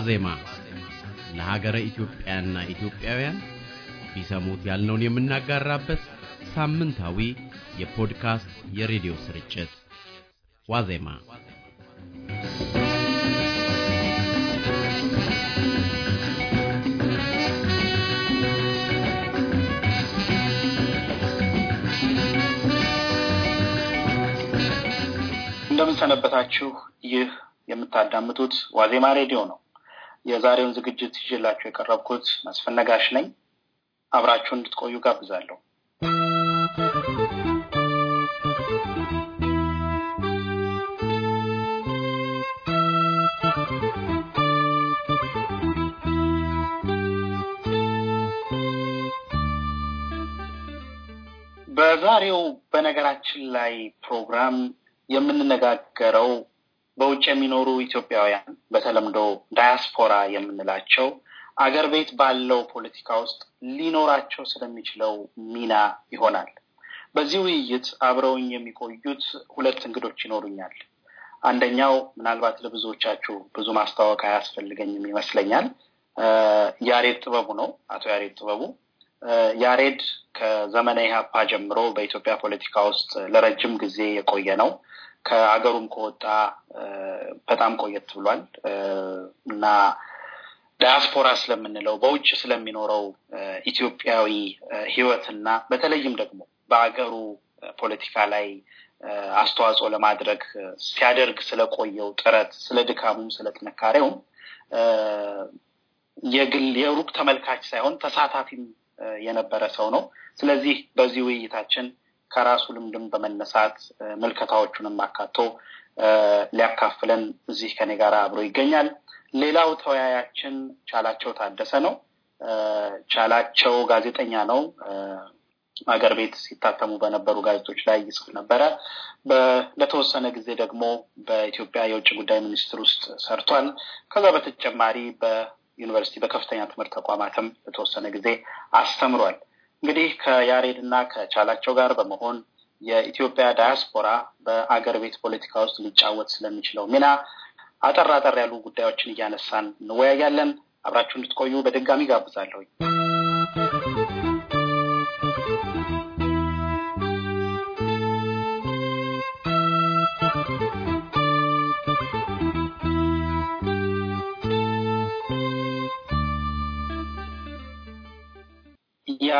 ዋዜማ ለሀገረ ኢትዮጵያና ኢትዮጵያውያን ቢሰሙት ያልነውን የምናጋራበት ሳምንታዊ የፖድካስት የሬዲዮ ስርጭት ዋዜማ እንደምን ሰነበታችሁ። ይህ የምታዳምጡት ዋዜማ ሬዲዮ ነው። የዛሬውን ዝግጅት ይዤላችሁ የቀረብኩት መስፍን ነጋሽ ነኝ። አብራችሁ እንድትቆዩ ጋብዛለሁ። በዛሬው በነገራችን ላይ ፕሮግራም የምንነጋገረው በውጭ የሚኖሩ ኢትዮጵያውያን በተለምዶ ዳያስፖራ የምንላቸው አገር ቤት ባለው ፖለቲካ ውስጥ ሊኖራቸው ስለሚችለው ሚና ይሆናል። በዚህ ውይይት አብረውኝ የሚቆዩት ሁለት እንግዶች ይኖሩኛል። አንደኛው ምናልባት ለብዙዎቻችሁ ብዙ ማስታወቅ አያስፈልገኝም ይመስለኛል። ያሬድ ጥበቡ ነው። አቶ ያሬድ ጥበቡ ያሬድ ከዘመነ ኢህአፓ ጀምሮ በኢትዮጵያ ፖለቲካ ውስጥ ለረጅም ጊዜ የቆየ ነው። ከአገሩም ከወጣ በጣም ቆየት ብሏል እና ዳያስፖራ ስለምንለው በውጭ ስለሚኖረው ኢትዮጵያዊ ህይወትና በተለይም ደግሞ በአገሩ ፖለቲካ ላይ አስተዋጽኦ ለማድረግ ሲያደርግ ስለቆየው ጥረት፣ ስለ ድካሙም፣ ስለ ጥንካሬውም የግል የሩቅ ተመልካች ሳይሆን ተሳታፊም የነበረ ሰው ነው። ስለዚህ በዚህ ውይይታችን ከራሱ ልምድም በመነሳት ምልከታዎቹንም አካቶ ሊያካፍለን እዚህ ከኔ ጋር አብሮ ይገኛል። ሌላው ተወያያችን ቻላቸው ታደሰ ነው። ቻላቸው ጋዜጠኛ ነው። አገር ቤት ሲታተሙ በነበሩ ጋዜጦች ላይ ይጽፍ ነበረ። ለተወሰነ ጊዜ ደግሞ በኢትዮጵያ የውጭ ጉዳይ ሚኒስትር ውስጥ ሰርቷል። ከዛ በተጨማሪ በዩኒቨርሲቲ በከፍተኛ ትምህርት ተቋማትም ለተወሰነ ጊዜ አስተምሯል። እንግዲህ ከያሬድና ከቻላቸው ጋር በመሆን የኢትዮጵያ ዳያስፖራ በአገር ቤት ፖለቲካ ውስጥ ሊጫወት ስለሚችለው ሚና አጠር አጠር ያሉ ጉዳዮችን እያነሳን እንወያያለን። አብራችሁ እንድትቆዩ በድጋሚ ጋብዛለሁኝ።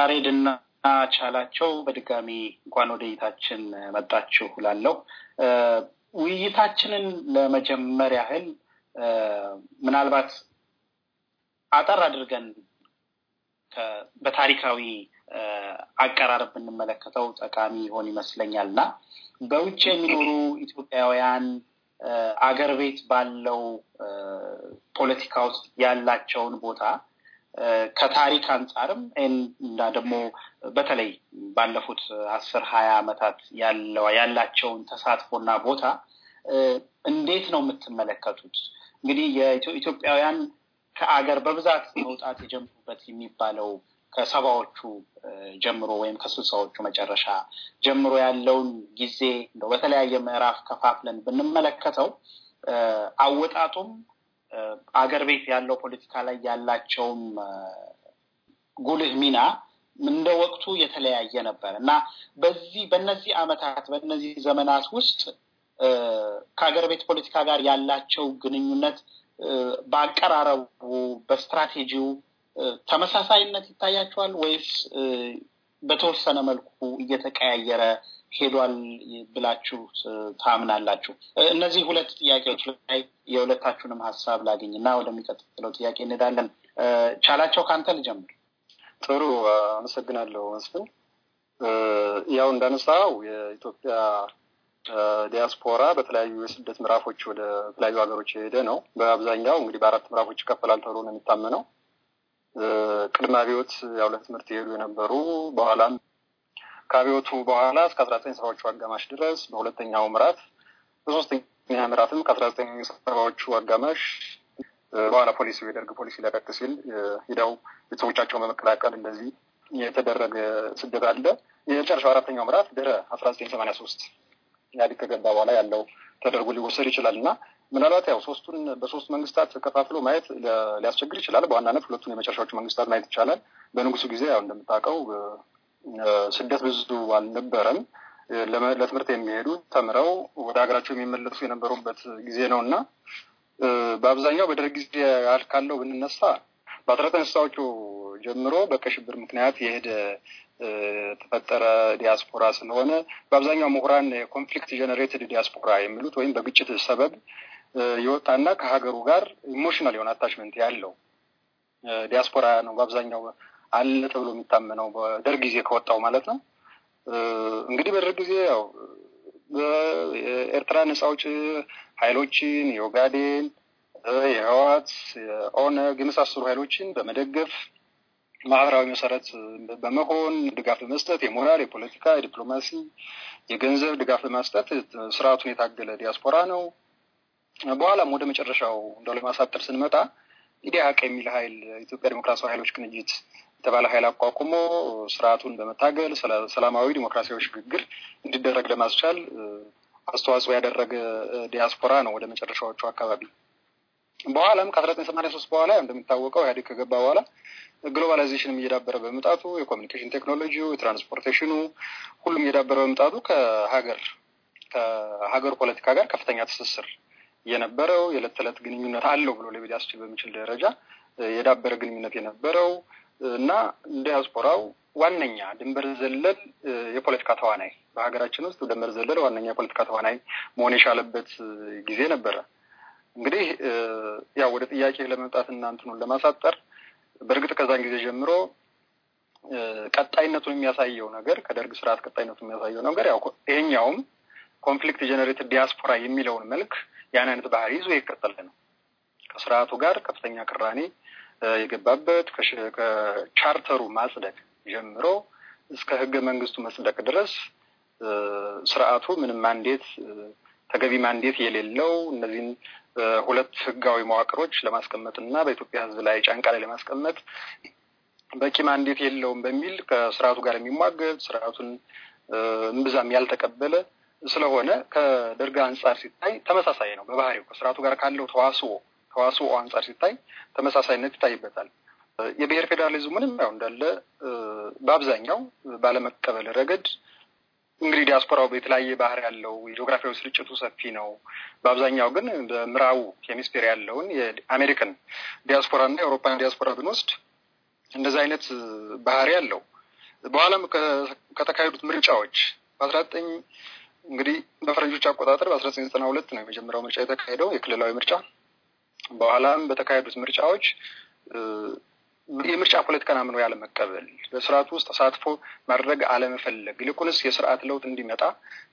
ያሬድና ቻላቸው በድጋሚ እንኳን ወደ እይታችን መጣችሁ ላለው ውይይታችንን ለመጀመር ያህል ምናልባት አጠር አድርገን በታሪካዊ አቀራረብ ብንመለከተው ጠቃሚ ይሆን ይመስለኛል እና በውጭ የሚኖሩ ኢትዮጵያውያን አገር ቤት ባለው ፖለቲካ ውስጥ ያላቸውን ቦታ ከታሪክ አንጻርም እና ደግሞ በተለይ ባለፉት አስር ሀያ ዓመታት ያላቸውን ተሳትፎና ቦታ እንዴት ነው የምትመለከቱት? እንግዲህ የኢትዮጵያውያን ከአገር በብዛት መውጣት የጀመሩበት የሚባለው ከሰባዎቹ ጀምሮ ወይም ከስልሳዎቹ መጨረሻ ጀምሮ ያለውን ጊዜ በተለያየ ምዕራፍ ከፋፍለን ብንመለከተው አወጣጡም አገር ቤት ያለው ፖለቲካ ላይ ያላቸውም ጉልህ ሚና እንደ ወቅቱ የተለያየ ነበር እና በዚህ በነዚህ አመታት በነዚህ ዘመናት ውስጥ ከሀገር ቤት ፖለቲካ ጋር ያላቸው ግንኙነት በአቀራረቡ፣ በስትራቴጂው ተመሳሳይነት ይታያቸዋል ወይስ በተወሰነ መልኩ እየተቀያየረ ሄዷል ብላችሁ ታምናላችሁ? እነዚህ ሁለት ጥያቄዎች ላይ የሁለታችሁንም ሀሳብ ላገኝ እና ወደሚቀጥለው ጥያቄ እንሄዳለን። ቻላቸው ከአንተ ልጀምር። ጥሩ አመሰግናለሁ መስፍን። ያው እንዳነሳው የኢትዮጵያ ዲያስፖራ በተለያዩ የስደት ምዕራፎች ወደ ተለያዩ ሀገሮች የሄደ ነው። በአብዛኛው እንግዲህ በአራት ምዕራፎች ይከፈላል ተብሎ ነው የሚታመነው። ቅድመ አብዮት ያው ለትምህርት የሄዱ የነበሩ በኋላም ከአብዮቱ በኋላ እስከ አስራ ዘጠኝ ሰባዎቹ አጋማሽ ድረስ በሁለተኛው ምዕራፍ በሶስተኛ ምዕራፍም ከአስራ ዘጠኝ ሰባዎቹ አጋማሽ በኋላ ፖሊሲ የደርግ ፖሊሲ ለቀቅ ሲል ሂደው ቤተሰቦቻቸውን በመቀላቀል እንደዚህ የተደረገ ስደት አለ። የመጨረሻው አራተኛው ምዕራፍ ድረ አስራ ዘጠኝ ሰማኒያ ሶስት ኢህአዴግ ከገባ በኋላ ያለው ተደርጎ ሊወሰድ ይችላል እና ምናልባት ያው ሶስቱን በሶስት መንግስታት ከፋፍሎ ማየት ሊያስቸግር ይችላል። በዋናነት ሁለቱን የመጨረሻዎቹ መንግስታት ማየት ይቻላል። በንጉሱ ጊዜ ያው እንደምታውቀው ስደት ብዙ አልነበረም። ለትምህርት የሚሄዱ ተምረው ወደ ሀገራቸው የሚመለሱ የነበሩበት ጊዜ ነው እና በአብዛኛው በደርግ ጊዜ ካለው ብንነሳ በአስራ ዘጠኝ ስልሳዎቹ ጀምሮ በቀሽብር ምክንያት የሄደ ተፈጠረ ዲያስፖራ ስለሆነ በአብዛኛው ምሁራን የኮንፍሊክት ጀነሬትድ ዲያስፖራ የሚሉት ወይም በግጭት ሰበብ የወጣና ከሀገሩ ጋር ኢሞሽናል የሆነ አታችመንት ያለው ዲያስፖራ ነው በአብዛኛው አለ ተብሎ የሚታመነው በደርግ ጊዜ ከወጣው ማለት ነው። እንግዲህ በደርግ ጊዜ ያው በኤርትራ ነጻ አውጪ ኃይሎችን የኦጋዴን፣ የህወሓት፣ የኦነግ የመሳሰሉ ኃይሎችን በመደገፍ ማህበራዊ መሰረት በመሆን ድጋፍ በመስጠት የሞራል፣ የፖለቲካ፣ የዲፕሎማሲ፣ የገንዘብ ድጋፍ በማስጠት ስርዓቱን የታገለ ዲያስፖራ ነው። በኋላም ወደ መጨረሻው እንደው ለማሳጠር ስንመጣ ኢዲሀቅ የሚል ኃይል ኢትዮጵያ ዴሞክራሲያዊ ኃይሎች ቅንጅት የተባለ ኃይል አቋቁሞ ስርዓቱን በመታገል ሰላማዊ ዲሞክራሲያዊ ሽግግር እንዲደረግ ለማስቻል አስተዋጽኦ ያደረገ ዲያስፖራ ነው። ወደ መጨረሻዎቹ አካባቢ በኋላም ከአስራ ዘጠኝ ሰማንያ ሶስት በኋላ እንደሚታወቀው ኢህአዴግ ከገባ በኋላ ግሎባላይዜሽንም እየዳበረ በመምጣቱ የኮሚኒኬሽን ቴክኖሎጂው፣ የትራንስፖርቴሽኑ ሁሉም እየዳበረ በመምጣቱ ከሀገር ከሀገር ፖለቲካ ጋር ከፍተኛ ትስስር የነበረው የዕለት ተዕለት ግንኙነት አለው ብሎ ለቤት ያስችል በሚችል ደረጃ የዳበረ ግንኙነት የነበረው እና ዲያስፖራው ዋነኛ ድንበር ዘለል የፖለቲካ ተዋናይ በሀገራችን ውስጥ ድንበር ዘለል ዋነኛ የፖለቲካ ተዋናይ መሆን የቻለበት ጊዜ ነበረ። እንግዲህ ያው ወደ ጥያቄ ለመምጣት እና እንትኑን ለማሳጠር በእርግጥ ከዛን ጊዜ ጀምሮ ቀጣይነቱን የሚያሳየው ነገር ከደርግ ስርዓት ቀጣይነቱን የሚያሳየው ነገር ያው ይሄኛውም ኮንፍሊክት ጀነሬትድ ዲያስፖራ የሚለውን መልክ ያን አይነት ባህሪ ይዞ የቀጠለ ነው። ከስርዓቱ ጋር ከፍተኛ ቅራኔ የገባበት ከቻርተሩ ማጽደቅ ጀምሮ እስከ ህገ መንግስቱ መጽደቅ ድረስ ስርዓቱ ምንም ማንዴት ተገቢ ማንዴት የሌለው እነዚህን ሁለት ህጋዊ መዋቅሮች ለማስቀመጥ እና በኢትዮጵያ ህዝብ ላይ ጫንቃ ላይ ለማስቀመጥ በቂ ማንዴት የለውም በሚል ከስርዓቱ ጋር የሚሟገድ ስርዓቱን እምብዛም ያልተቀበለ ስለሆነ ከደርግ አንጻር ሲታይ ተመሳሳይ ነው። በባህሪው ከስርዓቱ ጋር ካለው ተዋስዎ ከዋሱ አንጻር ሲታይ ተመሳሳይነት ይታይበታል። የብሔር ፌዴራሊዝሙንም ያው እንዳለ በአብዛኛው ባለመቀበል ረገድ እንግዲህ ዲያስፖራው የተለያየ ባህር ያለው የጂኦግራፊያዊ ስርጭቱ ሰፊ ነው። በአብዛኛው ግን በምዕራቡ ሄሚስፌር ያለውን የአሜሪካን ዲያስፖራና የአውሮፓን ዲያስፖራ ብንወስድ እንደዚህ አይነት ባህሪ ያለው በኋላም ከተካሄዱት ምርጫዎች በአስራ ዘጠኝ እንግዲህ በፈረንጆች አቆጣጠር በአስራ ዘጠኝ ዘጠና ሁለት ነው የመጀመሪያው ምርጫ የተካሄደው የክልላዊ ምርጫ በኋላም በተካሄዱት ምርጫዎች የምርጫ ፖለቲካን አምኖ ያለመቀበል፣ በስርዓቱ ውስጥ ተሳትፎ ማድረግ አለመፈለግ፣ ይልቁንስ የስርዓት ለውጥ እንዲመጣ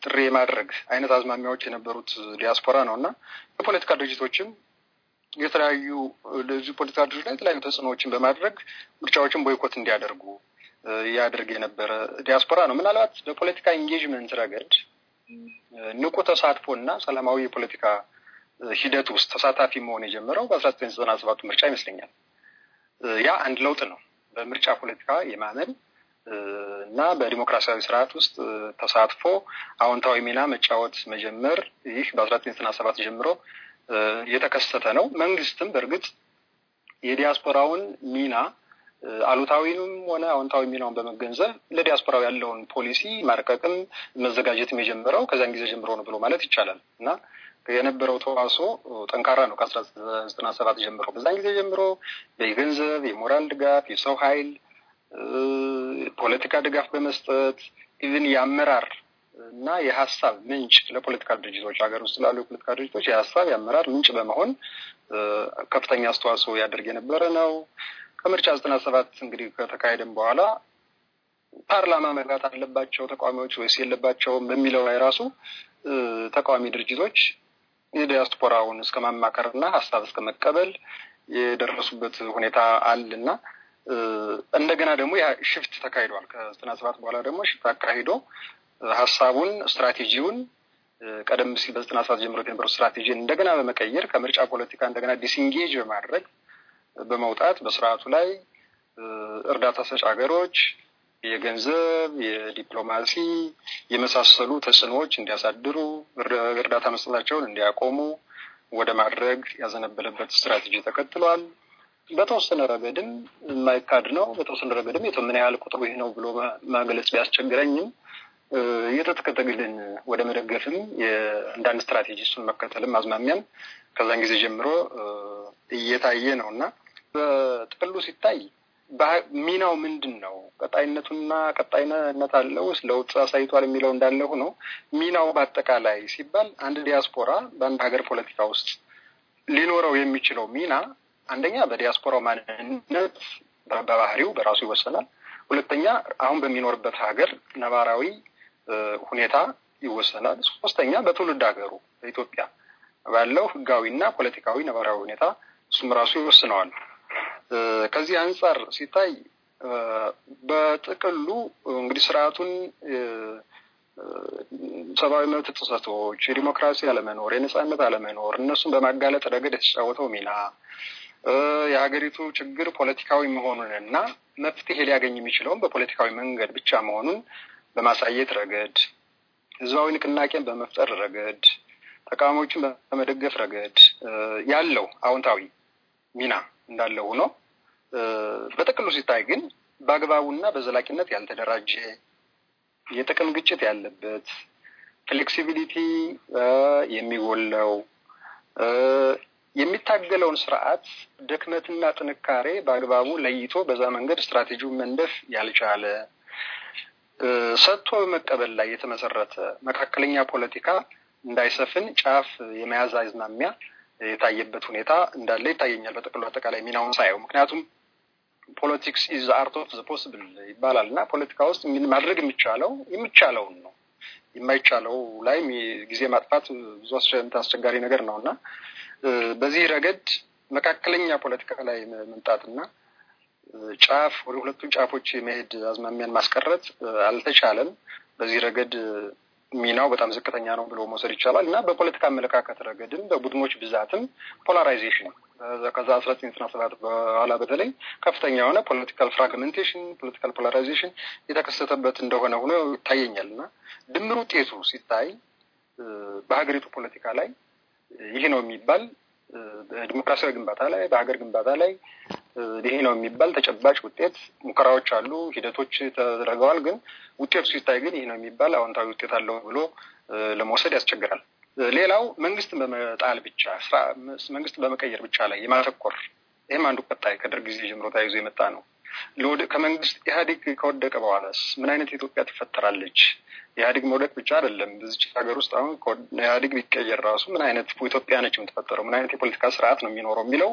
ጥሪ የማድረግ አይነት አዝማሚያዎች የነበሩት ዲያስፖራ ነው እና የፖለቲካ ድርጅቶችም የተለያዩ ለዚህ ፖለቲካ ድርጅቶች ላይ የተለያዩ ተጽዕኖዎችን በማድረግ ምርጫዎችን ቦይኮት እንዲያደርጉ ያደርግ የነበረ ዲያስፖራ ነው። ምናልባት በፖለቲካ ኢንጌጅመንት ረገድ ንቁ ተሳትፎ እና ሰላማዊ የፖለቲካ ሂደት ውስጥ ተሳታፊ መሆን የጀመረው በአስራ ዘጠኝ ዘጠና ሰባቱ ምርጫ ይመስለኛል። ያ አንድ ለውጥ ነው። በምርጫ ፖለቲካ የማመን እና በዲሞክራሲያዊ ስርዓት ውስጥ ተሳትፎ አዎንታዊ ሚና መጫወት መጀመር ይህ በአስራ ዘጠኝ ዘጠና ሰባት ጀምሮ የተከሰተ ነው። መንግስትም በእርግጥ የዲያስፖራውን ሚና አሉታዊንም ሆነ አዎንታዊ ሚናውን በመገንዘብ ለዲያስፖራው ያለውን ፖሊሲ ማርቀቅም መዘጋጀትም የጀመረው ከዚያን ጊዜ ጀምሮ ነው ብሎ ማለት ይቻላል እና የነበረው ተዋሶ ጠንካራ ነው። ከአስራ ዘጠና ሰባት ጀምሮ በዛን ጊዜ ጀምሮ የገንዘብ የሞራል ድጋፍ፣ የሰው ኃይል፣ ፖለቲካ ድጋፍ በመስጠት ኢቭን የአመራር እና የሀሳብ ምንጭ ለፖለቲካ ድርጅቶች ሀገር ውስጥ ላሉ የፖለቲካ ድርጅቶች የሀሳብ የአመራር ምንጭ በመሆን ከፍተኛ አስተዋጽኦ ያደርግ የነበረ ነው። ከምርጫ ዘጠና ሰባት እንግዲህ ከተካሄደም በኋላ ፓርላማ መግባት አለባቸው ተቃዋሚዎች ወይስ የለባቸውም በሚለው ላይ ራሱ ተቃዋሚ ድርጅቶች የዲያስፖራውን እስከ ማማከርና ሀሳብ እስከ መቀበል የደረሱበት ሁኔታ አለና እንደገና ደግሞ ሽፍት ተካሂዷል። ከዘጠና ሰባት በኋላ ደግሞ ሽፍት አካሂዶ ሀሳቡን ስትራቴጂውን ቀደም ሲል በዘጠና ሰባት ጀምሮ የነበረው ስትራቴጂ እንደገና በመቀየር ከምርጫ ፖለቲካ እንደገና ዲስንጌጅ በማድረግ በመውጣት በስርዓቱ ላይ እርዳታ ሰጭ ሀገሮች የገንዘብ፣ የዲፕሎማሲ የመሳሰሉ ተጽዕኖዎች እንዲያሳድሩ እርዳታ መስጠታቸውን እንዲያቆሙ ወደ ማድረግ ያዘነበለበት ስትራቴጂ ተከትሏል። በተወሰነ ረገድም የማይካድ ነው። በተወሰነ ረገድም ምን ያህል ቁጥሩ ይህ ነው ብሎ ማገለጽ ቢያስቸግረኝም የትጥቅ ትግልን ወደ መደገፍም አንዳንድ ስትራቴጂ እሱን መከተልም አዝማሚያም ከዛን ጊዜ ጀምሮ እየታየ ነው እና በጥቅሉ ሲታይ ሚናው ምንድን ነው? ቀጣይነቱና ቀጣይነት አለው ለውጥ አሳይቷል የሚለው እንዳለ ሆኖ ሚናው በአጠቃላይ ሲባል አንድ ዲያስፖራ በአንድ ሀገር ፖለቲካ ውስጥ ሊኖረው የሚችለው ሚና አንደኛ በዲያስፖራው ማንነት በባህሪው በራሱ ይወሰናል። ሁለተኛ አሁን በሚኖርበት ሀገር ነባራዊ ሁኔታ ይወሰናል። ሶስተኛ በትውልድ ሀገሩ በኢትዮጵያ ባለው ህጋዊና ፖለቲካዊ ነባራዊ ሁኔታ እሱም ራሱ ይወስነዋል። ከዚህ አንጻር ሲታይ በጥቅሉ እንግዲህ ስርዓቱን ሰብአዊ መብት ጥሰቶች፣ የዲሞክራሲ አለመኖር፣ የነጻነት አለመኖር እነሱን በማጋለጥ ረገድ የተጫወተው ሚና የሀገሪቱ ችግር ፖለቲካዊ መሆኑን እና መፍትሄ ሊያገኝ የሚችለውን በፖለቲካዊ መንገድ ብቻ መሆኑን በማሳየት ረገድ፣ ህዝባዊ ንቅናቄን በመፍጠር ረገድ፣ ተቃዋሚዎችን በመደገፍ ረገድ ያለው አዎንታዊ ሚና እንዳለ ሆኖ በጥቅሉ ሲታይ ግን በአግባቡና በዘላቂነት ያልተደራጀ የጥቅም ግጭት ያለበት ፍሌክሲቢሊቲ የሚጎለው የሚታገለውን ስርዓት ደክመትና ጥንካሬ በአግባቡ ለይቶ በዛ መንገድ ስትራቴጂውን መንደፍ ያልቻለ ሰጥቶ በመቀበል ላይ የተመሰረተ መካከለኛ ፖለቲካ እንዳይሰፍን ጫፍ የመያዝ አዝማሚያ የታየበት ሁኔታ እንዳለ ይታየኛል። በጥቅሉ አጠቃላይ ሚናውን ሳየው ምክንያቱም ፖለቲክስ ኢዝ አርት ኦፍ ዘ ፖስብል ይባላል እና ፖለቲካ ውስጥ ምን ማድረግ የሚቻለው የሚቻለውን ነው። የማይቻለው ላይ ጊዜ ማጥፋት ብዙ አስቸጋሪ ነገር ነው እና በዚህ ረገድ መካከለኛ ፖለቲካ ላይ መምጣትና ጫፍ ወደ ሁለቱም ጫፎች የመሄድ አዝማሚያን ማስቀረት አልተቻለም። በዚህ ረገድ ሚናው በጣም ዝቅተኛ ነው ብሎ መውሰድ ይቻላል እና በፖለቲካ አመለካከት ረገድም በቡድኖች ብዛትም ፖላራይዜሽን ከዛ አስራ ዘጠኝ ዘጠና ሰባት በኋላ በተለይ ከፍተኛ የሆነ ፖለቲካል ፍራግመንቴሽን ፖለቲካል ፖላራይዜሽን የተከሰተበት እንደሆነ ሆኖ ይታየኛል እና ድምር ውጤቱ ሲታይ በሀገሪቱ ፖለቲካ ላይ ይህ ነው የሚባል በዲሞክራሲያዊ ግንባታ ላይ በሀገር ግንባታ ላይ ይሄ ነው የሚባል ተጨባጭ ውጤት ሙከራዎች አሉ፣ ሂደቶች ተደረገዋል። ግን ውጤቱ ሲታይ ግን ይህ ነው የሚባል አዎንታዊ ውጤት አለው ብሎ ለመውሰድ ያስቸግራል። ሌላው መንግስትን በመጣል ብቻ መንግስትን በመቀየር ብቻ ላይ የማተኮር ይህም አንዱ ቀጣይ ከደርግ ጊዜ ጀምሮ ተያይዞ የመጣ ነው። ከመንግስት ኢህአዴግ ከወደቀ በኋላስ ምን አይነት ኢትዮጵያ ትፈጠራለች? ኢህአዴግ መውደቅ ብቻ አይደለም። በዚች ሀገር ውስጥ አሁን ኢህአዴግ ቢቀየር ራሱ ምን አይነት ኢትዮጵያ ነች የምትፈጠረው? ምን አይነት የፖለቲካ ስርዓት ነው የሚኖረው የሚለው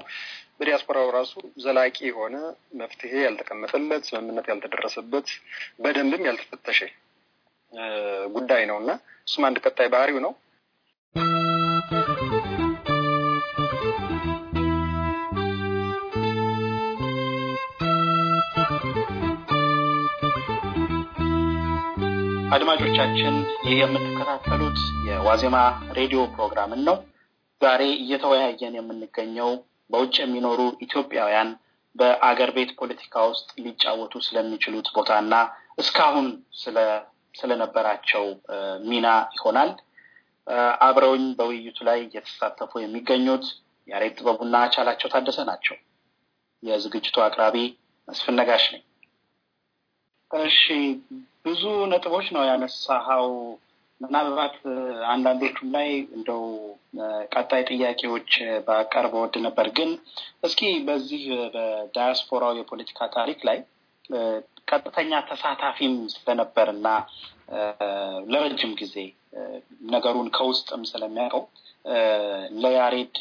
በዲያስፖራው ራሱ ዘላቂ የሆነ መፍትሄ ያልተቀመጠለት፣ ስምምነት ያልተደረሰበት፣ በደንብም ያልተፈተሸ ጉዳይ ነው እና እሱም አንድ ቀጣይ ባህሪው ነው። አድማጮቻችን ይህ የምትከታተሉት የዋዜማ ሬዲዮ ፕሮግራምን ነው። ዛሬ እየተወያየን የምንገኘው በውጭ የሚኖሩ ኢትዮጵያውያን በአገር ቤት ፖለቲካ ውስጥ ሊጫወቱ ስለሚችሉት ቦታና እስካሁን ስለነበራቸው ሚና ይሆናል። አብረውኝ በውይይቱ ላይ እየተሳተፉ የሚገኙት ያሬድ ጥበቡና ቻላቸው ታደሰ ናቸው። የዝግጅቱ አቅራቢ መስፍን ነጋሽ ነኝ። እሺ ብዙ ነጥቦች ነው ያነሳኸው። ምናልባት አንዳንዶቹም ላይ እንደው ቀጣይ ጥያቄዎች ባቀርበ ወድ ነበር፣ ግን እስኪ በዚህ በዳያስፖራው የፖለቲካ ታሪክ ላይ ቀጥተኛ ተሳታፊም ስለነበር እና ለረጅም ጊዜ ነገሩን ከውስጥም ስለሚያውቀው ለያሬድ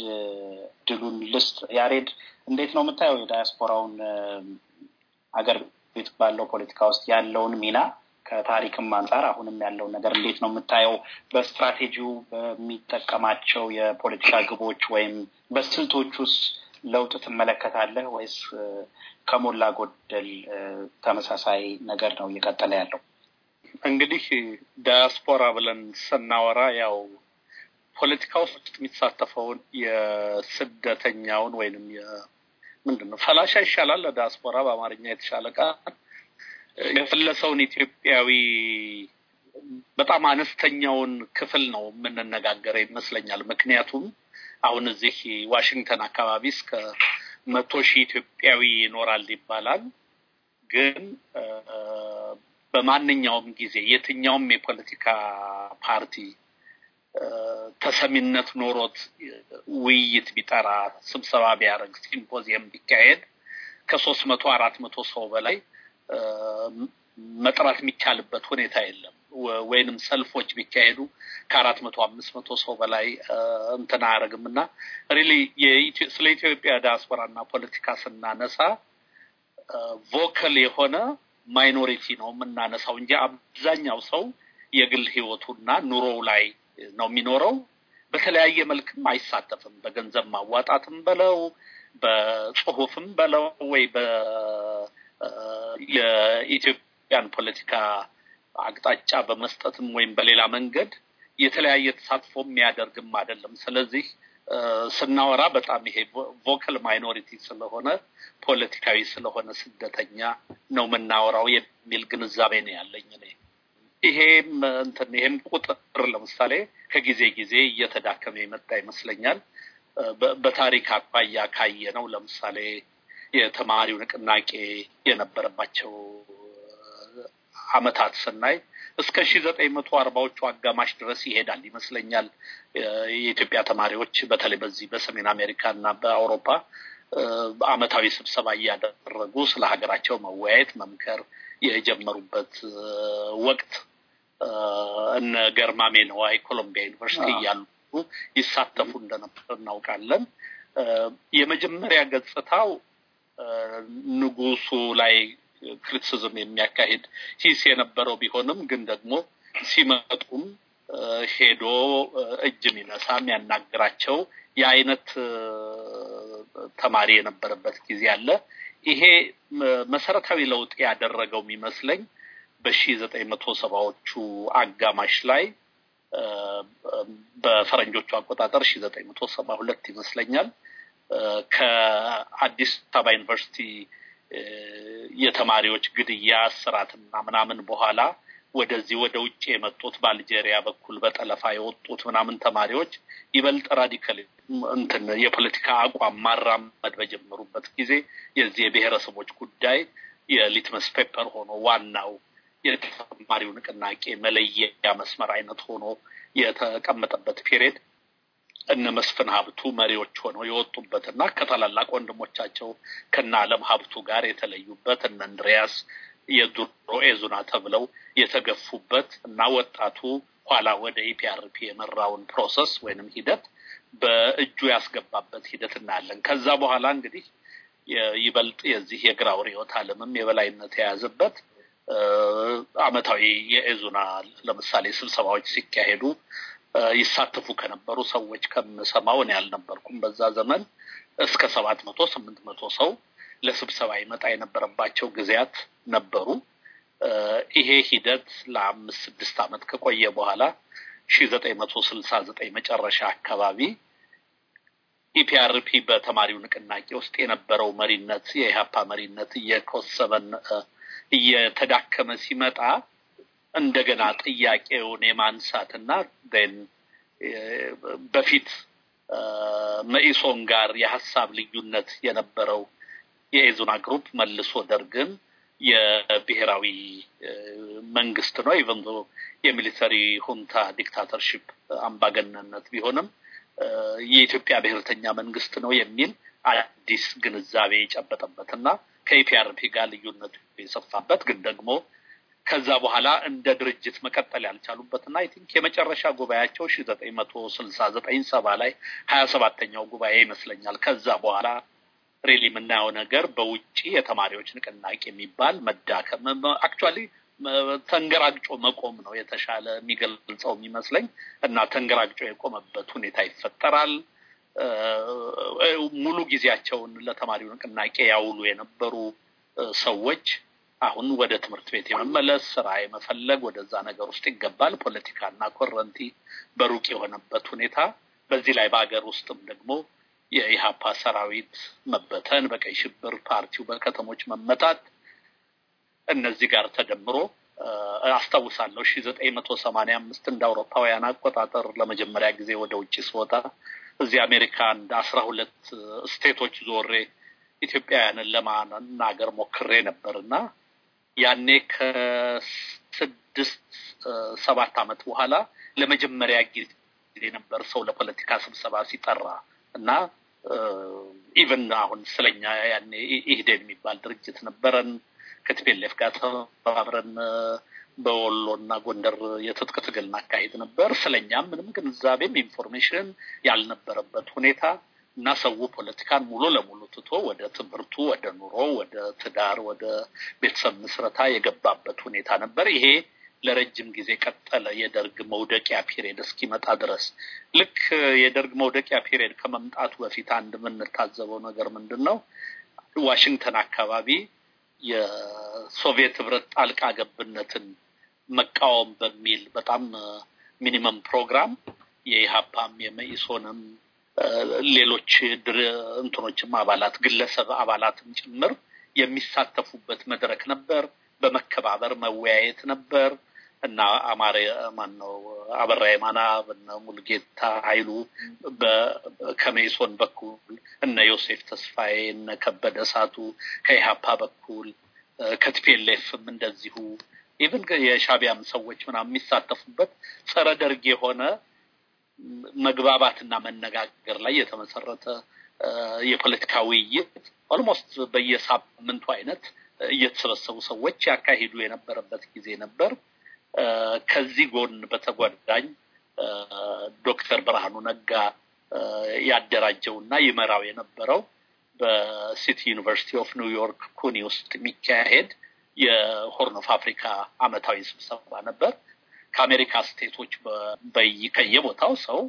ድሉን ልስጥ። ያሬድ እንዴት ነው የምታየው የዳያስፖራውን አገር ቤት ባለው ፖለቲካ ውስጥ ያለውን ሚና ከታሪክም አንጻር አሁንም ያለውን ነገር እንዴት ነው የምታየው? በስትራቴጂው በሚጠቀማቸው የፖለቲካ ግቦች ወይም በስልቶቹስ ለውጥ ትመለከታለህ ወይስ ከሞላ ጎደል ተመሳሳይ ነገር ነው እየቀጠለ ያለው? እንግዲህ ዳያስፖራ ብለን ስናወራ ያው ፖለቲካ ውስጥ የሚሳተፈውን የስደተኛውን ወይንም ምንድን ነው ፈላሻ ይሻላል ለዳያስፖራ በአማርኛ የተሻለ ቃል የፈለሰውን ኢትዮጵያዊ በጣም አነስተኛውን ክፍል ነው የምንነጋገረ ይመስለኛል። ምክንያቱም አሁን እዚህ ዋሽንግተን አካባቢ እስከ መቶ ሺህ ኢትዮጵያዊ ይኖራል ይባላል። ግን በማንኛውም ጊዜ የትኛውም የፖለቲካ ፓርቲ ተሰሚነት ኖሮት ውይይት ቢጠራ፣ ስብሰባ ቢያደርግ፣ ሲምፖዚየም ቢካሄድ ከሶስት መቶ አራት መቶ ሰው በላይ መጥራት የሚቻልበት ሁኔታ የለም። ወይንም ሰልፎች ቢካሄዱ ከአራት መቶ አምስት መቶ ሰው በላይ እንትን አያደርግም እና ሪሊ ስለ ኢትዮጵያ ዲያስፖራና ፖለቲካ ስናነሳ ቮከል የሆነ ማይኖሪቲ ነው የምናነሳው እንጂ አብዛኛው ሰው የግል ህይወቱና ኑሮው ላይ ነው የሚኖረው። በተለያየ መልክም አይሳተፍም። በገንዘብ ማዋጣትም በለው በጽሁፍም በለው ወይ የኢትዮጵያን ፖለቲካ አቅጣጫ በመስጠትም ወይም በሌላ መንገድ የተለያየ ተሳትፎ የሚያደርግም አይደለም። ስለዚህ ስናወራ በጣም ይሄ ቮከል ማይኖሪቲ ስለሆነ ፖለቲካዊ ስለሆነ ስደተኛ ነው የምናወራው የሚል ግንዛቤ ነው ያለኝ እኔ። ይሄም እንትን ይሄም ቁጥር ለምሳሌ ከጊዜ ጊዜ እየተዳከመ የመጣ ይመስለኛል። በታሪክ አኳያ ካየ ነው ለምሳሌ የተማሪው ንቅናቄ የነበረባቸው አመታት ስናይ እስከ ሺ ዘጠኝ መቶ አርባዎቹ አጋማሽ ድረስ ይሄዳል ይመስለኛል። የኢትዮጵያ ተማሪዎች በተለይ በዚህ በሰሜን አሜሪካ እና በአውሮፓ አመታዊ ስብሰባ እያደረጉ ስለ ሀገራቸው መወያየት፣ መምከር የጀመሩበት ወቅት እነ ገርማሜ ነዋይ ኮሎምቢያ ዩኒቨርሲቲ እያሉ ይሳተፉ እንደነበር እናውቃለን። የመጀመሪያ ገጽታው ንጉሱ ላይ ክሪቲሲዝም የሚያካሂድ ሂስ የነበረው ቢሆንም ግን ደግሞ ሲመጡም ሄዶ እጅ የሚነሳ የሚያናግራቸው የአይነት ተማሪ የነበረበት ጊዜ አለ። ይሄ መሰረታዊ ለውጥ ያደረገው የሚመስለኝ በሺ ዘጠኝ መቶ ሰባዎቹ አጋማሽ ላይ በፈረንጆቹ አቆጣጠር ሺ ዘጠኝ መቶ ሰባ ሁለት ይመስለኛል ከአዲስ አበባ ዩኒቨርሲቲ የተማሪዎች ግድያ እስራትና ምናምን በኋላ ወደዚህ ወደ ውጭ የመጡት በአልጄሪያ በኩል በጠለፋ የወጡት ምናምን ተማሪዎች ይበልጥ ራዲካል እንትን የፖለቲካ አቋም ማራመድ በጀመሩበት ጊዜ የዚህ የብሔረሰቦች ጉዳይ የሊትመስ ፔፐር ሆኖ ዋናው የተማሪው ንቅናቄ መለየያ መስመር አይነት ሆኖ የተቀመጠበት ፔሪድ እነ መስፍን ሀብቱ መሪዎች ሆነው የወጡበትና ከታላላቅ ወንድሞቻቸው ከነ አለም ሀብቱ ጋር የተለዩበት እነ እንድሪያስ የዱሮ ኤዙና ተብለው የተገፉበት እና ወጣቱ ኋላ ወደ ኢፒአርፒ የመራውን ፕሮሰስ ወይንም ሂደት በእጁ ያስገባበት ሂደት እናያለን። ከዛ በኋላ እንግዲህ ይበልጥ የዚህ የግራው ርዕዮተ ዓለምም የበላይነት የያዘበት አመታዊ የኤዙና ለምሳሌ ስብሰባዎች ሲካሄዱ ይሳተፉ ከነበሩ ሰዎች ከምሰማው እኔ አልነበርኩም። በዛ ዘመን እስከ ሰባት መቶ ስምንት መቶ ሰው ለስብሰባ ይመጣ የነበረባቸው ጊዜያት ነበሩ። ይሄ ሂደት ለአምስት ስድስት ዓመት ከቆየ በኋላ ሺ ዘጠኝ መቶ ስልሳ ዘጠኝ መጨረሻ አካባቢ ኢፒአርፒ በተማሪው ንቅናቄ ውስጥ የነበረው መሪነት የኢህአፓ መሪነት እየኮሰበን እየተዳከመ ሲመጣ እንደገና ጥያቄውን የማንሳትና በፊት መኢሶን ጋር የሀሳብ ልዩነት የነበረው የኢዙና ግሩፕ መልሶ ደርግን የብሔራዊ መንግስት ነው ኢቨንዞ የሚሊተሪ ሁንታ ዲክታተርሽፕ አምባገነነት ቢሆንም የኢትዮጵያ ብሔርተኛ መንግስት ነው የሚል አዲስ ግንዛቤ የጨበጠበት እና ከኢፒአርፒ ጋር ልዩነቱ የሰፋበት ግን ደግሞ ከዛ በኋላ እንደ ድርጅት መቀጠል ያልቻሉበትና አይ ቲንክ የመጨረሻ ጉባኤያቸው ሺ ዘጠኝ መቶ ስልሳ ዘጠኝ ሰባ ላይ ሀያ ሰባተኛው ጉባኤ ይመስለኛል። ከዛ በኋላ ሬሊ የምናየው ነገር በውጭ የተማሪዎች ንቅናቄ የሚባል መዳከም አክቹዋሊ ተንገራግጮ መቆም ነው የተሻለ የሚገልጸው የሚመስለኝ እና ተንገራግጮ የቆመበት ሁኔታ ይፈጠራል። ሙሉ ጊዜያቸውን ለተማሪው ንቅናቄ ያውሉ የነበሩ ሰዎች አሁን ወደ ትምህርት ቤት የመመለስ ስራ የመፈለግ ወደዛ ነገር ውስጥ ይገባል። ፖለቲካና ኮረንቲ በሩቅ የሆነበት ሁኔታ በዚህ ላይ በሀገር ውስጥም ደግሞ የኢህአፓ ሰራዊት መበተን፣ በቀይ ሽብር ፓርቲው በከተሞች መመታት እነዚህ ጋር ተደምሮ አስታውሳለሁ ሺ ዘጠኝ መቶ ሰማኒያ አምስት እንደ አውሮፓውያን አቆጣጠር ለመጀመሪያ ጊዜ ወደ ውጭ ስወጣ እዚህ አሜሪካ እንደ አስራ ሁለት ስቴቶች ዞሬ ኢትዮጵያውያንን ለማናገር ሞክሬ ነበር እና ያኔ ከስድስት ሰባት ዓመት በኋላ ለመጀመሪያ ጊዜ ነበር ሰው ለፖለቲካ ስብሰባ ሲጠራ እና ኢቨን አሁን ስለኛ ያኔ ኢህዴን የሚባል ድርጅት ነበረን። ከቲፒኤልኤፍ ጋር ተባብረን በወሎ እና ጎንደር የትጥቅ ትግል እናካሄድ ነበር። ስለኛም ምንም ግንዛቤም ኢንፎርሜሽን ያልነበረበት ሁኔታ እና ሰው ፖለቲካን ሙሉ ለሙሉ ትቶ ወደ ትምህርቱ፣ ወደ ኑሮ፣ ወደ ትዳር፣ ወደ ቤተሰብ ምስረታ የገባበት ሁኔታ ነበር። ይሄ ለረጅም ጊዜ ቀጠለ። የደርግ መውደቂያ ፒሪየድ እስኪመጣ ድረስ። ልክ የደርግ መውደቂያ ፒሪየድ ከመምጣቱ በፊት አንድ የምንታዘበው ነገር ምንድን ነው? ዋሽንግተን አካባቢ የሶቪየት ህብረት ጣልቃ ገብነትን መቃወም በሚል በጣም ሚኒመም ፕሮግራም የኢሀፓም የመኢሶንም ሌሎች ድር እንትኖችም አባላት ግለሰብ አባላትም ጭምር የሚሳተፉበት መድረክ ነበር። በመከባበር መወያየት ነበር እና አማሬ ማነው አበራ የማና እነ ሙልጌታ ኃይሉ ከሜሶን በኩል እነ ዮሴፍ ተስፋዬ እነ ከበደ እሳቱ ከኢሃፓ በኩል ከትፔሌፍም እንደዚሁ ኢቨን የሻቢያም ሰዎች ምናምን የሚሳተፉበት ጸረ ደርግ የሆነ መግባባትና መነጋገር ላይ የተመሰረተ የፖለቲካ ውይይት ኦልሞስት በየሳምንቱ አይነት እየተሰበሰቡ ሰዎች ያካሂዱ የነበረበት ጊዜ ነበር። ከዚህ ጎን በተጓዳኝ ዶክተር ብርሃኑ ነጋ ያደራጀው እና ይመራው የነበረው በሲቲ ዩኒቨርሲቲ ኦፍ ኒውዮርክ ኩኒ ውስጥ የሚካሄድ የሆርን ኦፍ አፍሪካ አመታዊ ስብሰባ ነበር። ከአሜሪካ ስቴቶች ከየቦታው ሰው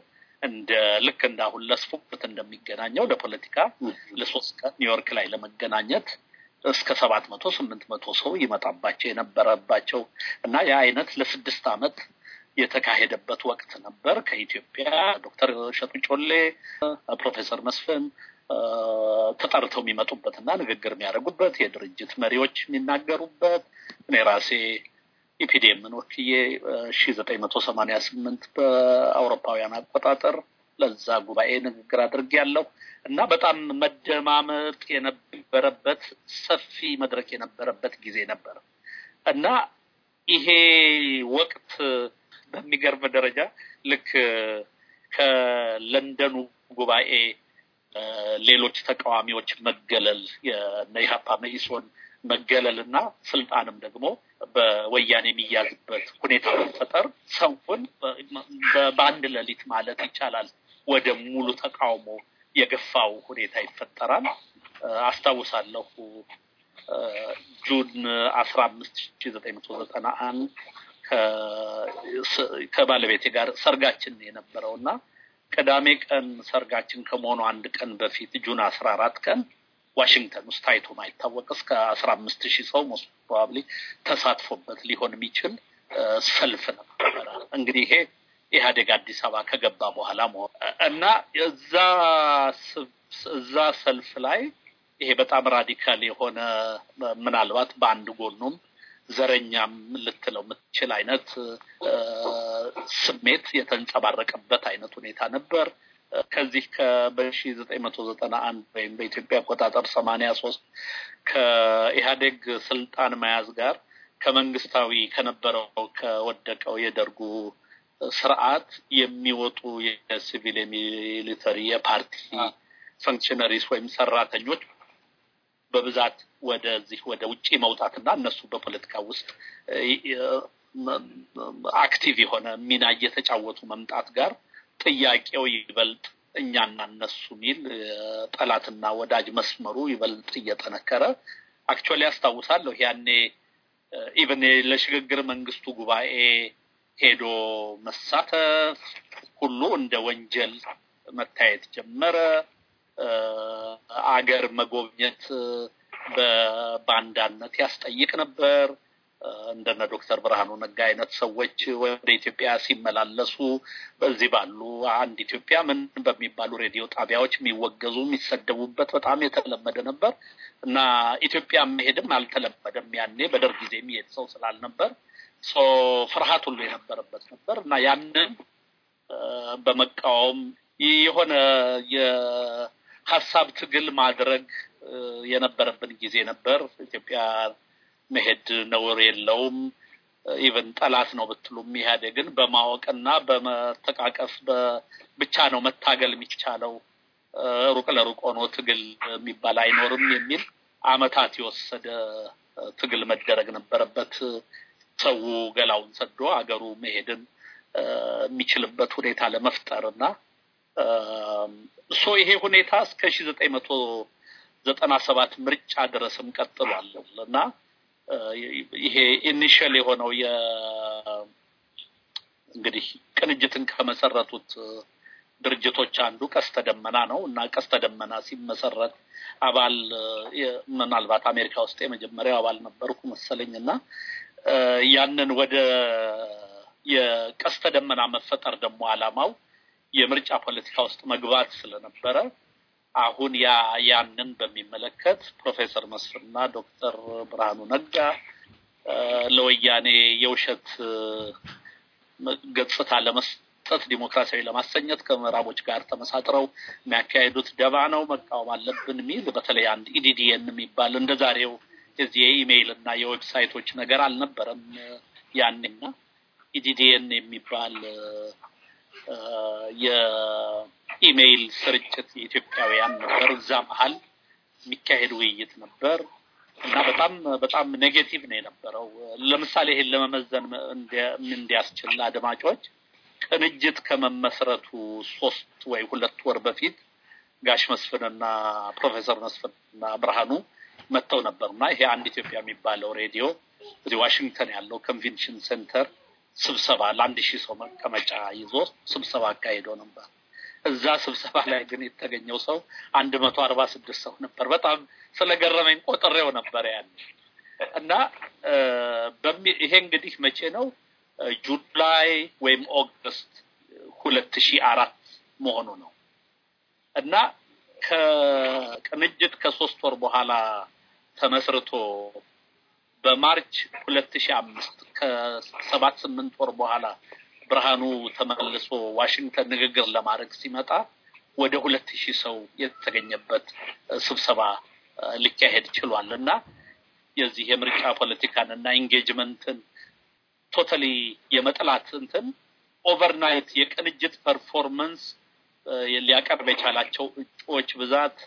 እንደ ልክ እንደ አሁን እንደሚገናኘው ለፖለቲካ ለሶስት ቀን ኒውዮርክ ላይ ለመገናኘት እስከ ሰባት መቶ ስምንት መቶ ሰው ይመጣባቸው የነበረባቸው እና ያ አይነት ለስድስት ዓመት የተካሄደበት ወቅት ነበር። ከኢትዮጵያ ዶክተር እሸቱ ጮሌ፣ ፕሮፌሰር መስፍን ተጠርተው የሚመጡበት እና ንግግር የሚያደርጉበት የድርጅት መሪዎች የሚናገሩበት እኔ ራሴ ኢፒዲኤምን ወክዬ ሺ ዘጠኝ መቶ ሰማኒያ ስምንት በአውሮፓውያን አቆጣጠር ለዛ ጉባኤ ንግግር ያለው እና በጣም መደማመጥ የነበረበት ሰፊ መድረክ የነበረበት ጊዜ ነበር እና ይሄ ወቅት በሚገርም ደረጃ ልክ ከለንደኑ ጉባኤ ሌሎች ተቃዋሚዎች መገለል የኢሀፓ መኢሶን መገለልና ስልጣንም ደግሞ በወያኔ የሚያዝበት ሁኔታ መፈጠር ሰንፉን በአንድ ሌሊት ማለት ይቻላል ወደ ሙሉ ተቃውሞ የገፋው ሁኔታ ይፈጠራል። አስታውሳለሁ ጁን አስራ አምስት ሺ ዘጠኝ መቶ ዘጠና አንድ ከባለቤቴ ጋር ሰርጋችን የነበረው እና ቅዳሜ ቀን ሰርጋችን ከመሆኑ አንድ ቀን በፊት ጁን አስራ አራት ቀን ዋሽንግተን ውስጥ ታይቶ ማይታወቅ እስከ አስራ አምስት ሺህ ሰው ሞስት ፕሮባብሊ ተሳትፎበት ሊሆን የሚችል ሰልፍ ነበረ። እንግዲህ ይሄ ኢህአዴግ አዲስ አበባ ከገባ በኋላ መሆን እና እዛ ሰልፍ ላይ ይሄ በጣም ራዲካል የሆነ ምናልባት በአንድ ጎኑም ዘረኛም ልትለው የምትችል አይነት ስሜት የተንጸባረቀበት አይነት ሁኔታ ነበር። ከዚህ በሺ ዘጠኝ መቶ ዘጠና አንድ ወይም በኢትዮጵያ አቆጣጠር ሰማኒያ ሶስት ከኢህአዴግ ስልጣን መያዝ ጋር ከመንግስታዊ ከነበረው ከወደቀው የደርጉ ስርዓት የሚወጡ የሲቪል የሚሊተሪ የፓርቲ ፈንክሽነሪስ ወይም ሰራተኞች በብዛት ወደዚህ ወደ ውጭ መውጣትና እነሱ በፖለቲካ ውስጥ አክቲቭ የሆነ ሚና እየተጫወቱ መምጣት ጋር ጥያቄው ይበልጥ እኛና እነሱ የሚል ጠላትና ወዳጅ መስመሩ ይበልጥ እየጠነከረ አክቹዋሊ ያስታውሳለሁ ያኔ ኢቨን ለሽግግር መንግስቱ ጉባኤ ሄዶ መሳተፍ ሁሉ እንደ ወንጀል መታየት ጀመረ። አገር መጎብኘት በባንዳነት ያስጠይቅ ነበር። እንደነ ዶክተር ብርሃኑ ነጋ አይነት ሰዎች ወደ ኢትዮጵያ ሲመላለሱ በዚህ ባሉ አንድ ኢትዮጵያ ምን በሚባሉ ሬዲዮ ጣቢያዎች የሚወገዙ የሚሰደቡበት በጣም የተለመደ ነበር እና ኢትዮጵያ መሄድም አልተለመደም። ያኔ በደርግ ጊዜ የሚሄድ ሰው ስላልነበር ፍርሃት ሁሉ የነበረበት ነበር እና ያንን በመቃወም የሆነ የሀሳብ ትግል ማድረግ የነበረብን ጊዜ ነበር ኢትዮጵያ መሄድ ነውር የለውም። ኢቨን ጠላት ነው ብትሉም ኢህአዴግን በማወቅና በመተቃቀፍ ብቻ ነው መታገል የሚቻለው። ሩቅ ለሩቅ ሆኖ ትግል የሚባል አይኖርም የሚል አመታት የወሰደ ትግል መደረግ ነበረበት። ሰው ገላውን ሰዶ አገሩ መሄድን የሚችልበት ሁኔታ ለመፍጠር እና ሶ ይሄ ሁኔታ እስከ ሺ ዘጠኝ መቶ ዘጠና ሰባት ምርጫ ድረስም ቀጥሏል እና ይሄ ኢኒሽል የሆነው እንግዲህ ቅንጅትን ከመሰረቱት ድርጅቶች አንዱ ቀስተ ደመና ነው እና ቀስተ ደመና ሲመሰረት አባል ምናልባት አሜሪካ ውስጥ የመጀመሪያው አባል ነበርኩ መሰለኝ እና ያንን ወደ የቀስተ ደመና መፈጠር ደግሞ አላማው የምርጫ ፖለቲካ ውስጥ መግባት ስለነበረ አሁን ያ ያንን በሚመለከት ፕሮፌሰር መስፍንና ዶክተር ብርሃኑ ነጋ ለወያኔ የውሸት ገጽታ ለመስጠት ዲሞክራሲያዊ ለማሰኘት ከምዕራቦች ጋር ተመሳጥረው የሚያካሄዱት ደባ ነው፣ መቃወም አለብን የሚል በተለይ አንድ ኢዲዲኤን የሚባል እንደ ዛሬው የዚህ የኢሜይል እና የዌብሳይቶች ነገር አልነበረም ያኔና ኢዲዲኤን የሚባል የኢሜይል ስርጭት የኢትዮጵያውያን ነበር። እዛ መሀል የሚካሄድ ውይይት ነበር እና በጣም በጣም ኔጌቲቭ ነው የነበረው። ለምሳሌ ይሄን ለመመዘን እንዲያስችል አድማጮች ቅንጅት ከመመስረቱ ሶስት ወይ ሁለት ወር በፊት ጋሽ መስፍንና ፕሮፌሰር መስፍንና ብርሃኑ መጥተው ነበር እና ይሄ አንድ ኢትዮጵያ የሚባለው ሬዲዮ እዚህ ዋሽንግተን ያለው ኮንቬንሽን ሴንተር ስብሰባ ለአንድ ሺህ ሰው መቀመጫ ይዞ ስብሰባ አካሄዶ ነበር። እዛ ስብሰባ ላይ ግን የተገኘው ሰው አንድ መቶ አርባ ስድስት ሰው ነበር። በጣም ስለገረመኝ ቆጥሬው ነበር ያን እና ይሄ እንግዲህ መቼ ነው ጁላይ ወይም ኦገስት ሁለት ሺህ አራት መሆኑ ነው እና ከቅንጅት ከሶስት ወር በኋላ ተመስርቶ በማርች ሁለት ሺህ አምስት ከሰባት ስምንት ወር በኋላ ብርሃኑ ተመልሶ ዋሽንግተን ንግግር ለማድረግ ሲመጣ ወደ ሁለት ሺህ ሰው የተገኘበት ስብሰባ ሊካሄድ ችሏል እና የዚህ የምርጫ ፖለቲካን እና ኢንጌጅመንትን ቶታሊ የመጥላት እንትን ኦቨርናይት የቅንጅት ፐርፎርመንስ ሊያቀርብ የቻላቸው እጩዎች ብዛት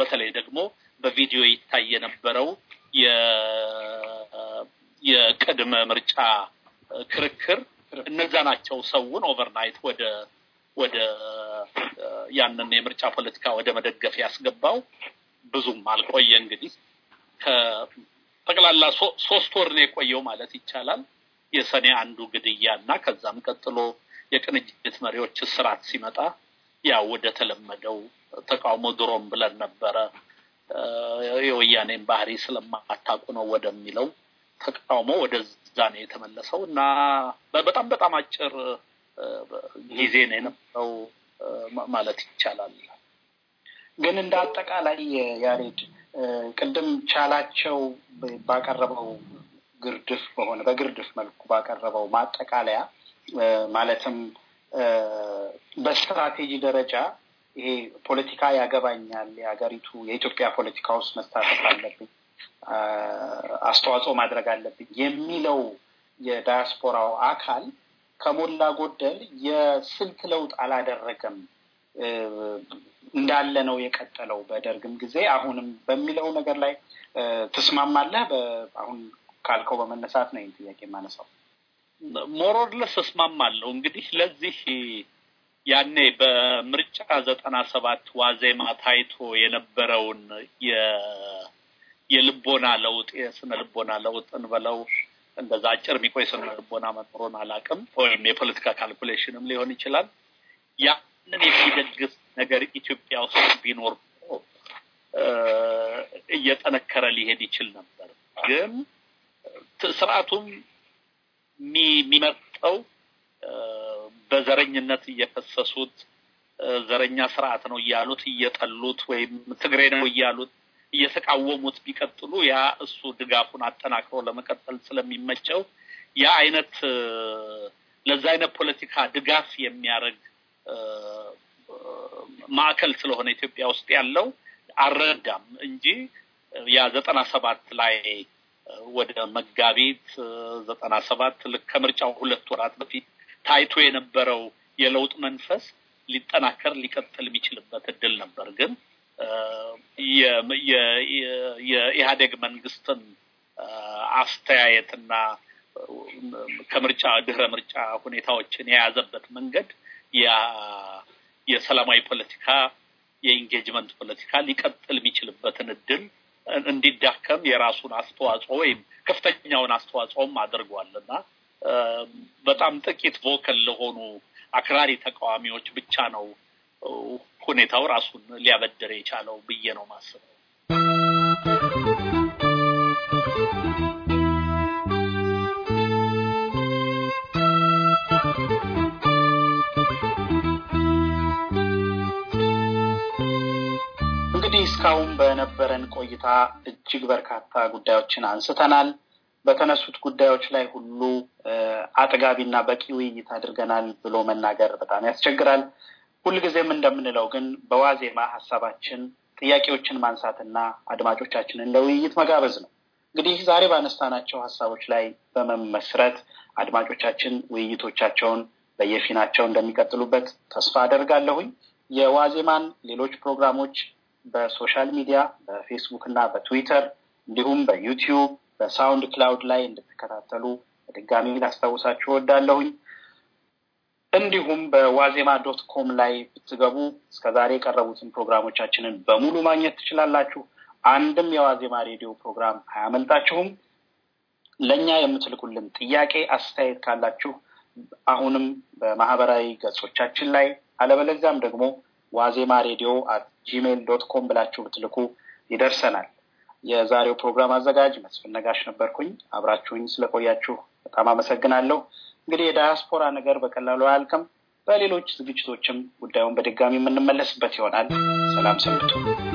በተለይ ደግሞ በቪዲዮ ይታይ የነበረው የቅድመ ምርጫ ክርክር እነዛ ናቸው ሰውን ኦቨርናይት ወደ ወደ ያንን የምርጫ ፖለቲካ ወደ መደገፍ ያስገባው። ብዙም አልቆየ እንግዲህ ከጠቅላላ ሶስት ወር ነው የቆየው ማለት ይቻላል። የሰኔ አንዱ ግድያ እና ከዛም ቀጥሎ የቅንጅት መሪዎች ስርዓት ሲመጣ ያ ወደ ተለመደው ተቃውሞ ድሮም ብለን ነበረ የወያኔን ባህሪ ስለማታቁ ነው ወደሚለው ተቃውሞ ወደዛ ነው የተመለሰው እና በጣም በጣም አጭር ጊዜ ነው የነበረው ማለት ይቻላል። ግን እንደ አጠቃላይ ያሬድ ቅድም ቻላቸው ባቀረበው ግርድፍ በሆነ በግርድፍ መልኩ ባቀረበው ማጠቃለያ ማለትም በስትራቴጂ ደረጃ ይሄ ፖለቲካ ያገባኛል፣ የሀገሪቱ የኢትዮጵያ ፖለቲካ ውስጥ መሳተፍ አለብኝ፣ አስተዋጽኦ ማድረግ አለብኝ የሚለው የዳያስፖራው አካል ከሞላ ጎደል የስልት ለውጥ አላደረገም እንዳለ ነው የቀጠለው። በደርግም ጊዜ አሁንም በሚለው ነገር ላይ ትስማማለህ? አሁን ካልከው በመነሳት ነው ይህን ጥያቄ የማነሳው። ሞሮርለስ እስማማለሁ። እንግዲህ ለዚህ ያኔ በምርጫ ዘጠና ሰባት ዋዜማ ታይቶ የነበረውን የልቦና ለውጥ የስነ ልቦና ለውጥ እንበለው እንደዛ አጭር የሚቆይ ስነ ልቦና መኖሩን አላውቅም፣ ወይም የፖለቲካ ካልኩሌሽንም ሊሆን ይችላል። ያንን የሚደግፍ ነገር ኢትዮጵያ ውስጥ ቢኖር እየጠነከረ ሊሄድ ይችል ነበር። ግን ስርዓቱም የሚመርጠው በዘረኝነት እየከሰሱት ዘረኛ ስርዓት ነው እያሉት እየጠሉት ወይም ትግሬ ነው እያሉት እየተቃወሙት ቢቀጥሉ ያ እሱ ድጋፉን አጠናክሮ ለመቀጠል ስለሚመቸው ያ አይነት ለዛ አይነት ፖለቲካ ድጋፍ የሚያደርግ ማዕከል ስለሆነ ኢትዮጵያ ውስጥ ያለው አልረዳም እንጂ ያ ዘጠና ሰባት ላይ ወደ መጋቢት ዘጠና ሰባት ልክ ከምርጫው ሁለት ወራት በፊት ታይቶ የነበረው የለውጥ መንፈስ ሊጠናከር ሊቀጥል የሚችልበት እድል ነበር። ግን የኢህአዴግ መንግስትን አስተያየትና ከምርጫ ድህረ ምርጫ ሁኔታዎችን የያዘበት መንገድ የሰላማዊ ፖለቲካ የኢንጌጅመንት ፖለቲካ ሊቀጥል የሚችልበትን እድል እንዲዳከም የራሱን አስተዋጽኦ ወይም ከፍተኛውን አስተዋጽኦም አድርጓል እና በጣም ጥቂት ቮከል ለሆኑ አክራሪ ተቃዋሚዎች ብቻ ነው ሁኔታው ራሱን ሊያበድር የቻለው ብዬ ነው ማስበው። እንግዲህ እስካሁን በነበረን ቆይታ እጅግ በርካታ ጉዳዮችን አንስተናል። በተነሱት ጉዳዮች ላይ ሁሉ አጥጋቢና በቂ ውይይት አድርገናል ብሎ መናገር በጣም ያስቸግራል። ሁልጊዜም እንደምንለው ግን በዋዜማ ሀሳባችን ጥያቄዎችን ማንሳትና አድማጮቻችንን ለውይይት መጋበዝ ነው። እንግዲህ ዛሬ ባነሳናቸው ሀሳቦች ላይ በመመስረት አድማጮቻችን ውይይቶቻቸውን በየፊናቸው እንደሚቀጥሉበት ተስፋ አደርጋለሁኝ። የዋዜማን ሌሎች ፕሮግራሞች በሶሻል ሚዲያ በፌስቡክ እና በትዊተር እንዲሁም በዩቲዩብ በሳውንድ ክላውድ ላይ እንድትከታተሉ በድጋሚ ላስታውሳችሁ እወዳለሁኝ። እንዲሁም በዋዜማ ዶት ኮም ላይ ብትገቡ እስከዛሬ የቀረቡትን ፕሮግራሞቻችንን በሙሉ ማግኘት ትችላላችሁ። አንድም የዋዜማ ሬዲዮ ፕሮግራም አያመልጣችሁም። ለእኛ የምትልኩልን ጥያቄ፣ አስተያየት ካላችሁ አሁንም በማህበራዊ ገጾቻችን ላይ አለበለዚያም ደግሞ ዋዜማ ሬዲዮ አት ጂሜል ዶት ኮም ብላችሁ ብትልኩ ይደርሰናል። የዛሬው ፕሮግራም አዘጋጅ መስፍን ነጋሽ ነበርኩኝ። አብራችሁኝ ስለቆያችሁ በጣም አመሰግናለሁ። እንግዲህ የዳያስፖራ ነገር በቀላሉ አያልቅም። በሌሎች ዝግጅቶችም ጉዳዩን በድጋሚ የምንመለስበት ይሆናል። ሰላም ሰንብቱ።